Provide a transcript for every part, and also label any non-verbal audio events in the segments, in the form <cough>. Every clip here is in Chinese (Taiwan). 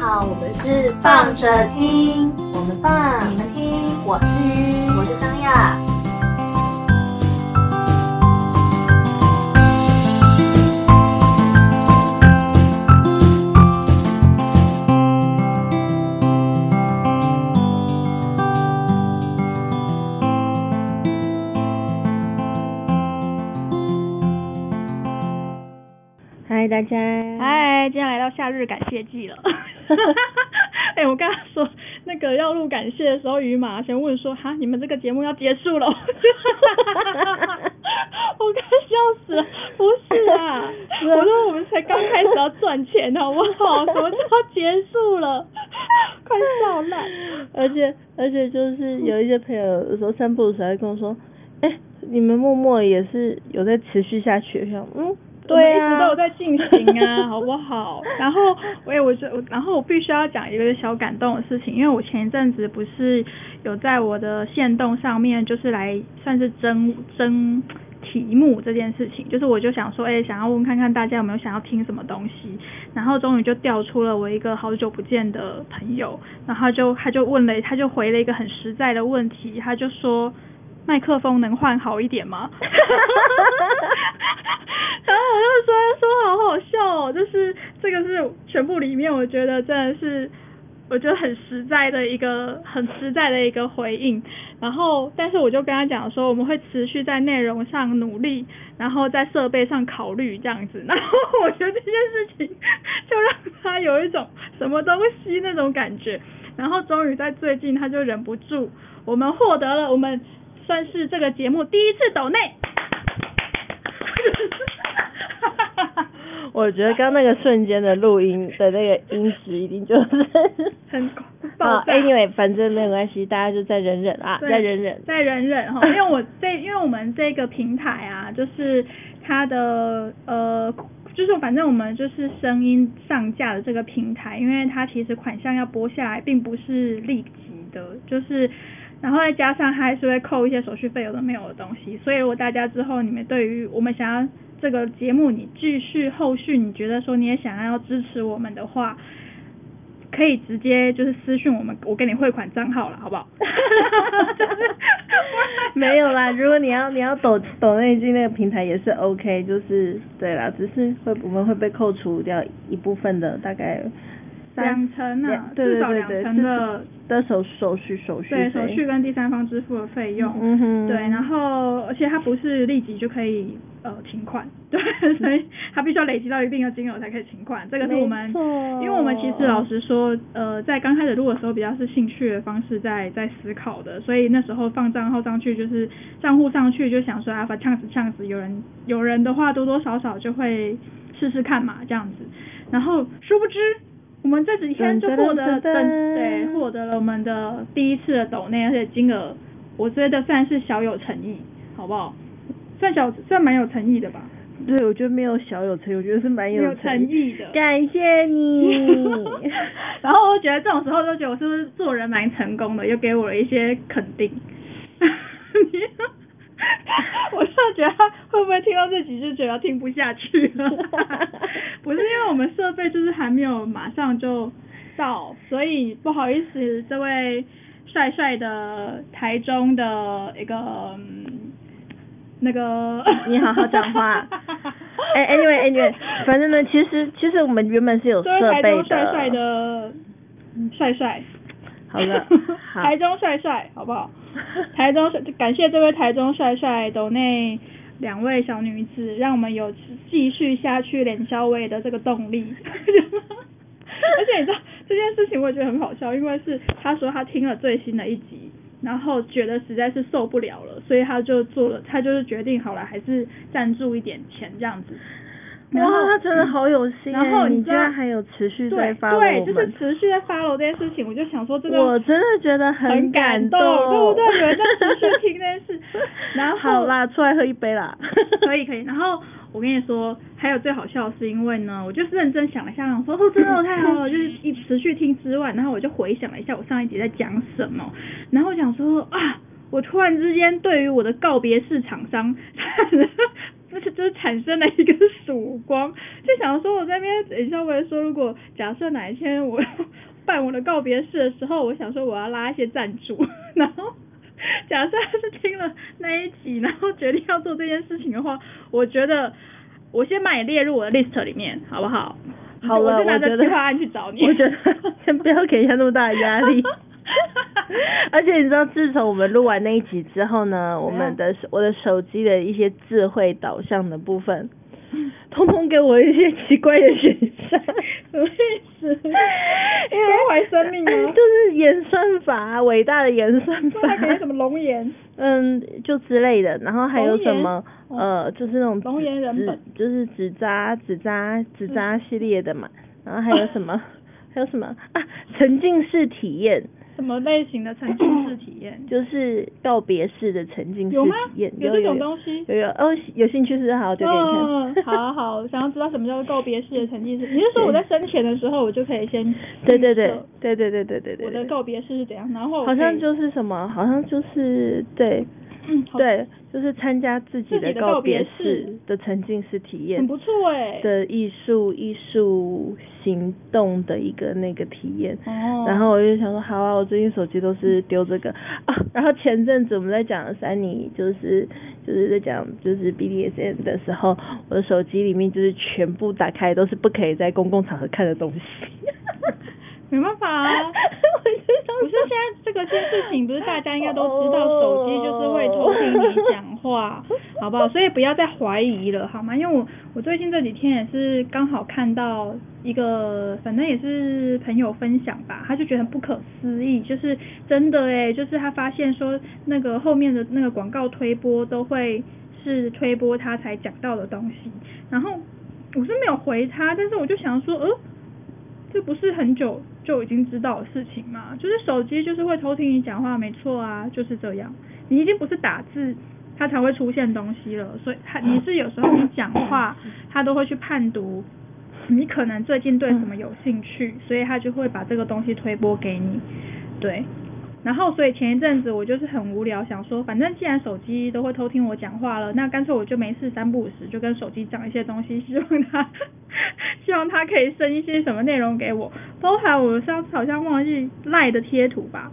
好，我們是放著聽，放著聽，我們放，你們聽，我是，我是桑亞。嗨，大家，嗨，今天來到夏日感謝祭了。哈哈哈哈哈！哎，我剛才說那個要錄感謝的時候，於馬先問說：“哈，你們這個節目要結束了？”哈哈哈哈哈！ <laughs> <laughs> 我剛笑死了，不是啊，是我說我們才剛開始要賺錢呢，我靠，怎麼就要結束了？快笑爛！ <laughs> 而且而且就是有一些朋友有時候散步的時候跟我說：“哎、欸，你們默默也是有在持續下去，是嗎？”嗯。對啊，一直都有在進行啊，好不好？然後，也我我，然後我必須要講一個小感動的事情，因為我前一陣子不是有在我的限動上面，就是來算是徵徵題目這件事情，就是我就想說，哎、欸，想要問看看大家有沒有想要聽什麼東西，然後終於就調出了我一個好久不見的朋友，然後他就他就問了，他就回了一個很實在的問題，他就說。麥克風能換好一點嗎？然後我就說，說好好笑哦、喔，就是這個是全部裡面，我覺得真的是我覺得很實在的一個很實在的一個回應。然後，但是我就跟他講說，我們會持續在內容上努力，然後在設備上考慮這樣子。然後，我覺得這件事情就讓他有一種什麼東西那種感覺。然後，終於在最近，他就忍不住，我們獲得了我們。算是這個節目第一次抖內，我覺得剛那個瞬間的錄音的那個音質一定就是很爆、 <laughs> 哦。啊因為反正沒有關係，大家就再忍忍啊，再忍忍，再忍忍哈。因為我這 <laughs> 因為我們這個平台啊，就是它的呃，就是反正我們就是聲音上架的這個平台，因為它其實款項要撥下來，並不是立即的，就是。然後再加上還是會扣一些手續費有的沒有的東西，所以如果大家之後你們對於我們想要這個節目，你繼續後續你覺得說你也想要支持我們的話，可以直接就是私訊我們，我給你匯款賬號了，好不好？ <laughs> <laughs> <laughs> 沒有啦，如果你要你要抖，抖內那一句那個平台也是 OK，就是對啦，只是會我們會被扣除掉一部分的大概，兩層啊，對對對對，至少兩層的的手手續手續，對，手續跟第三方支付的費用，嗯哼，對，然後而且它不是立即就可以呃停款，對，嗯、所以它必須要累積到一定的金額才可以停款，這個是我們，因為我們其實老實說，呃，在剛開始錄的時候比較是興趣的方式在在思考的，所以那時候放賬號上去就是賬戶上去就想說啊發嗆死嗆死，有人有人的話多多少少就會試試看嘛，這樣子，然後殊不知。我們這幾天就獲得了噔噔噔噔，對，獲得了我們的第一次的抖內，而且金額，我覺得算是小有誠意，好不好？算小，算蠻有誠意的吧。對，我覺得沒有小有誠意，我覺得是蠻有誠意，意的。感謝你。 <laughs> 然後我覺得這種時候就覺得我是不是做人蠻成功的，又給我了一些肯定。 <laughs> 你 <laughs> 我就覺得他會不會聽到這幾句嘴要聽不下去了？ <laughs> 不是因為我們設備就是還沒有馬上就到，所以不好意思，這位帥帥的台中的一個、嗯、那個，你好好講話。 <laughs> 哎，anyway，anyway，anyway, 反正呢，其實其實我們原本是有設備的。這位台中帥帥的、嗯、帥帥，好的，台中帥帥，好不好？台中，感謝這位台中帥帥，抖內。兩位小女子，讓我們有繼續下去連消微的這個動力。 <laughs> 而且你知道這件事情，我也覺得很好笑，因為是他說他聽了最新的一集，然後覺得實在是受不了了，所以他就做了，他就是決定好了，還是贊助一點錢這樣子。哇，他真的好有心，欸，然後你，你居然還有持續在發，對，對，就是持續在發了這件事情，我就想說這個。我真的覺得很感動，感動 <laughs> 對不對？有人在持續聽這件事， <laughs> 然後好啦，出來喝一杯啦。可 <laughs> 以可以，然後我跟你說，還有最好笑的是，因為呢，我就是認真想了一下，然後說哦，真的太好了， <laughs> 就是一持續聽之外，然後我就回想了一下我上一集在講什麼，然後想說啊，我突然之間對於我的告別式廠商。 <laughs> 那是就，就產生了一個曙光，就想說我在那邊，等、欸、下我來說，如果假設哪一天我辦我的告別式的時候，我想說我要拉一些贊助，然後假設是聽了那一集，然後決定要做這件事情的話，我覺得我先把你列入我的 list 裡面，好不好？好了，就我現在在就拿着計劃案去找你。我覺得先不要給一下那麼大的壓力。 <laughs> 而且你知道，自從我們錄完那一集之後呢，我們的我的手機的一些智慧導向的部分，通通給我一些奇怪的選項， <laughs> 什麼意思？關懷生命嗎？就是演算法啊，偉大的演算法。還有什麼龍巖？嗯，就之類的。然後還有什麼？呃，就是那種龍巖人本，就是紙紮、紙紮、紙紮系列的嘛、嗯。然後還有什麼？ <laughs> 還有什麼啊？沉浸式體驗。什麼類型的沉浸式體驗？ <coughs> 就是告別式的沉浸式體驗，有嗎？有這種東西？有有,有哦，有興趣是好，對。以 <laughs> 嗯、哦，好、啊、好，想要知道什麼叫做告別式的沉浸式？你就是說我在生前的時候，我就可以先？對對對,對對對對對對對。我的告別式是怎樣？然後好像就是什麼？好像就是對。嗯，對，就是參加自己的告別式的沉浸式體驗，很不錯哎。的藝術藝術行動的一個那個體驗，嗯，然後我就想說好啊，我最近手機都是丟這個、嗯、啊。然後前陣子我們在講珊妮，就是就是在講就是 BDSM 的時候，我的手機裡面就是全部打開都是不可以在公共場合看的東西， <laughs> 沒辦法啊， <laughs> 我就想。這事情不是大家應該都知道，手機就是會偷聽你講話，好不好？所以不要再懷疑了，好嗎？因為我我最近這幾天也是剛好看到一個，反正也是朋友分享吧，他就覺得很不可思議，就是真的哎、欸，就是他發現說那個後面的那個廣告推播都會是推播他才講到的東西，然後我是沒有回他，但是我就想說，呃，這不是很久。就已經知道的事情嘛，就是手機就是會偷聽你講話，沒錯啊，就是這樣。你已經不是打字，它才會出現東西了，所以它你是有時候你講話，它都會去判讀，你可能最近對什麼有興趣，所以他就會把這個東西推播給你，對。然後，所以前一陣子我就是很無聊，想說，反正既然手機都會偷聽我講話了，那乾脆我就沒事三不五時就跟手機講一些東西，希望他，希望他可以生一些什麼內容給我，包含我上次好像忘記賴的貼圖吧，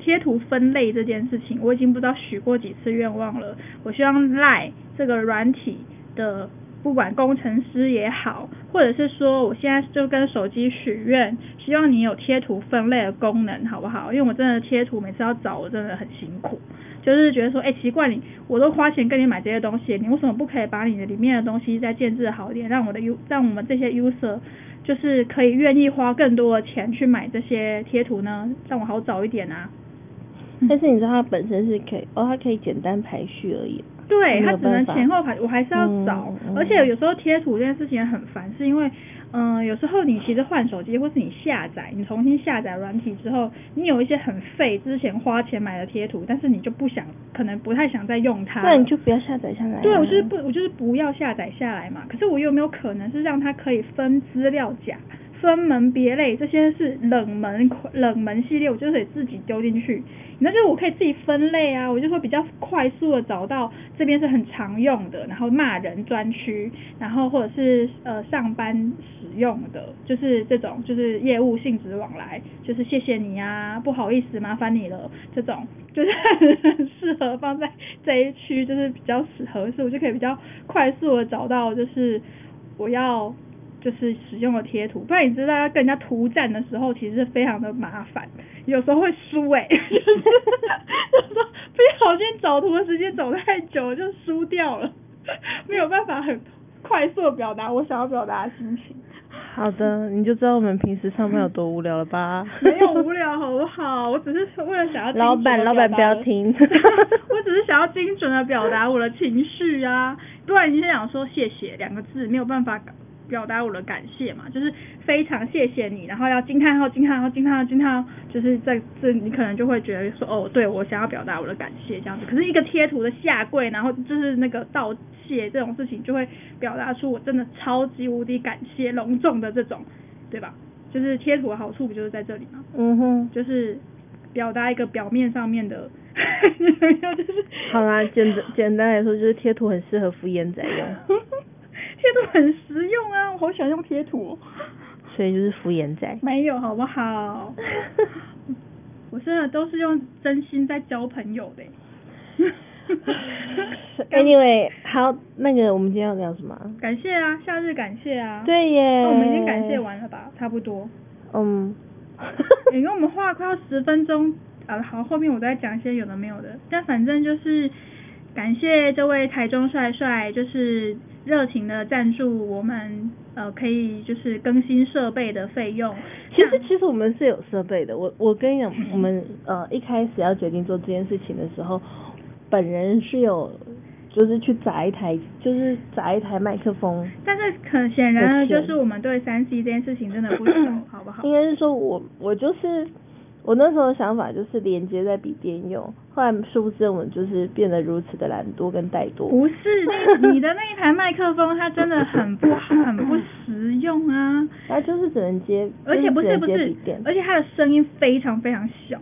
貼圖分類這件事情，我已經不知道許過幾次願望了。我希望賴這個軟體的不管工程師也好。或者是說，我現在就跟手機許願，希望你有貼圖分類的功能，好不好？因為我真的貼圖每次要找，我真的很辛苦。就是覺得說，哎、欸，奇怪你，我都花錢跟你買這些東西，你為什麼不可以把你的裡面的東西再建置好一點，讓我的優，讓我們這些 user 就是可以願意花更多的錢去買這些貼圖呢？讓我好找一點啊。但是你知道它本身是可以，哦，它可以簡單排序而已。對，它只能前後排，我還是要找，嗯嗯、而且有時候貼圖這件事情很煩，是因為，嗯、呃，有時候你其實換手機，或是你下載，你重新下載軟體之後，你有一些很廢之前花錢買的貼圖，但是你就不想，可能不太想再用它，那你就不要下載下來。對，我就是不，我就是不要下載下來嘛。可是我有沒有可能是讓它可以分資料夾？分門別類，這些是冷門冷門系列，我就得自己丟進去。那就是我可以自己分類啊，我就說比較快速的找到這邊是很常用的，然後罵人專區，然後或者是呃上班使用的，就是這種就是業務性質往來，就是謝謝你啊，不好意思麻煩你了這種，就是很 <laughs> 適合放在這一區，就是比較適合，所以我就可以比較快速的找到就是我要。就是使用的貼圖，不然你知道，跟人家圖戰的時候其實是非常的麻煩，有時候會輸哎、欸，就是有時候不小心找圖的時間走太久了就輸掉了，沒有辦法很快速的表達我想要表達的心情。好的，你就知道我們平時上班有多無聊了吧。嗯，沒有無聊好不好？我只是為了想要老闆老闆不要聽，我只是想要精準的表達我的情緒啊，不然你只想說謝謝兩個字，沒有辦法搞表達我的感謝嘛，就是非常謝謝你，然後要驚嘆號、驚嘆號、驚嘆號、驚嘆號，就是在這你可能就會覺得說，哦，對我想要表達我的感謝這樣子。可是一個貼圖的下跪，然後就是那個道謝這種事情，就會表達出我真的超級無敵感謝，隆重的這種，對吧？就是貼圖的好處不就是在這裡嘛？嗯哼，就是表達一個表面上面的，沒有，就是好啦，簡單簡單來說就是貼圖很適合敷衍仔用。 <laughs> 貼圖很實用啊，我好喜歡用貼圖，哦。所以就是敷衍在。沒有好不好？ <laughs> 我真的都是用真心在交朋友的、 <laughs> mm.。Anyway，好，那個我們今天要聊什麼？感謝啊，夏日感謝啊。對耶。我們已經感謝完了吧？差不多。嗯。你跟我們話快要十分鐘啊，好，後面我再講一些有的沒有的，但反正就是感謝這位台中帥帥，就是。熱情的贊助我們，呃，可以就是更新設備的費用。其實其實我們是有設備的，我我跟你講我們呃一開始要決定做這件事情的時候，本人是有就是去砸一台就是砸一台麥克風。但是可顯然就是我們對三 C 這件事情真的不熟， <coughs> 好不好？應該是說我我就是。我那時候的想法就是連接在筆電用，後來殊不知我們就是變得如此的懶惰跟怠惰。不是，那你的那一台麥克風 <laughs> 它真的很不很不實用啊。它就是只能接，而且不是不是，而且它的聲音非常非常小。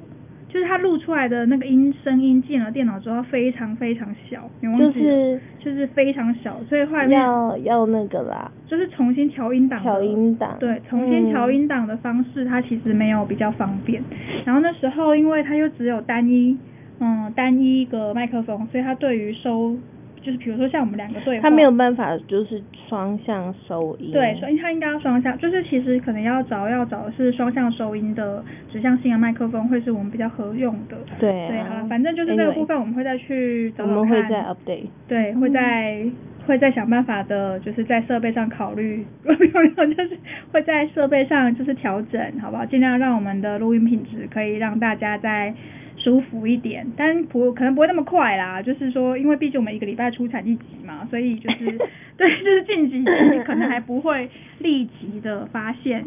就是他錄出來的那個音聲音進了電腦之後非常非常小，就是就是非常小，所以後來要要那個啦，就是重新調音檔，調音檔，對，重新調音檔的方式它其實沒有比較方便。然後那時候因為他又只有單一嗯單一一個麥克風，所以他對於收。就是比如說像我們兩個對方，他沒有辦法就是雙向收音。對，所以他應該要雙向，就是其實可能要找要找的是雙向收音的指向性的麥克風，會是我們比較合用的。對、啊，對啊、呃，反正就是這個部分我們會再去找找看。我們會再 update。對，會再、嗯、會再想辦法的，就是在設備上考慮， <laughs> 就是會在設備上就是調整，好不好？盡量讓我們的錄音品質可以讓大家在。舒服一點，但不可能不會那麼快啦。就是說，因為畢竟我們一個禮拜出產一集嘛，所以就是 <laughs> 對，就是近幾年你可能還不會立即的發現，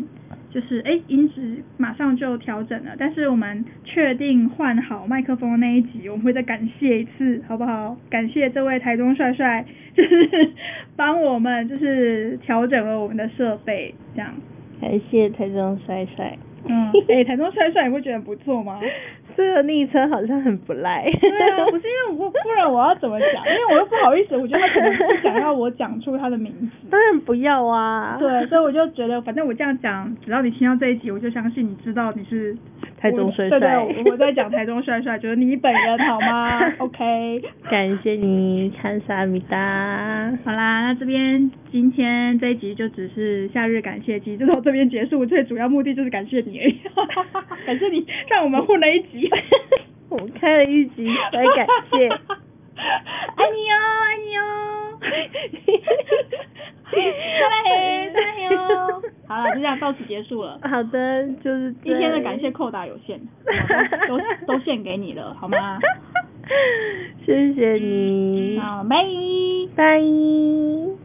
就是哎、欸、音質馬上就調整了。但是我們確定換好麥克風那一集，我們會再感謝一次，好不好？感謝這位台中帥帥，就是幫我們就是調整了我們的設備，這樣。感謝台中帥帥。 <laughs> 嗯，哎、欸，台中帥帥你會覺得不錯嗎？.這個昵稱好像很不賴。對啊，不是因為我，不然我要怎麼講？因為我又不好意思，我覺得他可能不想要我講出他的名字。當然不要啊。對，所以我就覺得，反正我這樣講，只要你聽到這一集，我就相信你知道你是台中帥帥。對，對，對我在講台中帥帥，就是你本人，好嗎？OK。感謝你看阿米達。好啦，那這邊今天這一集就只是夏日感謝祭，就到這邊結束。我最主要目的就是感謝你。感謝你讓我們混了一集， <laughs> 我開了一集來感謝，愛你哦，愛你哦，再來黑，再來黑， <laughs> 啊、 <laughs> <laughs> 好了，就這樣到此結束了。好的，就是今天的感謝扣打有限，啊、都 <laughs> 都獻給你了，好嗎？ <laughs> 謝謝你，好美，拜拜。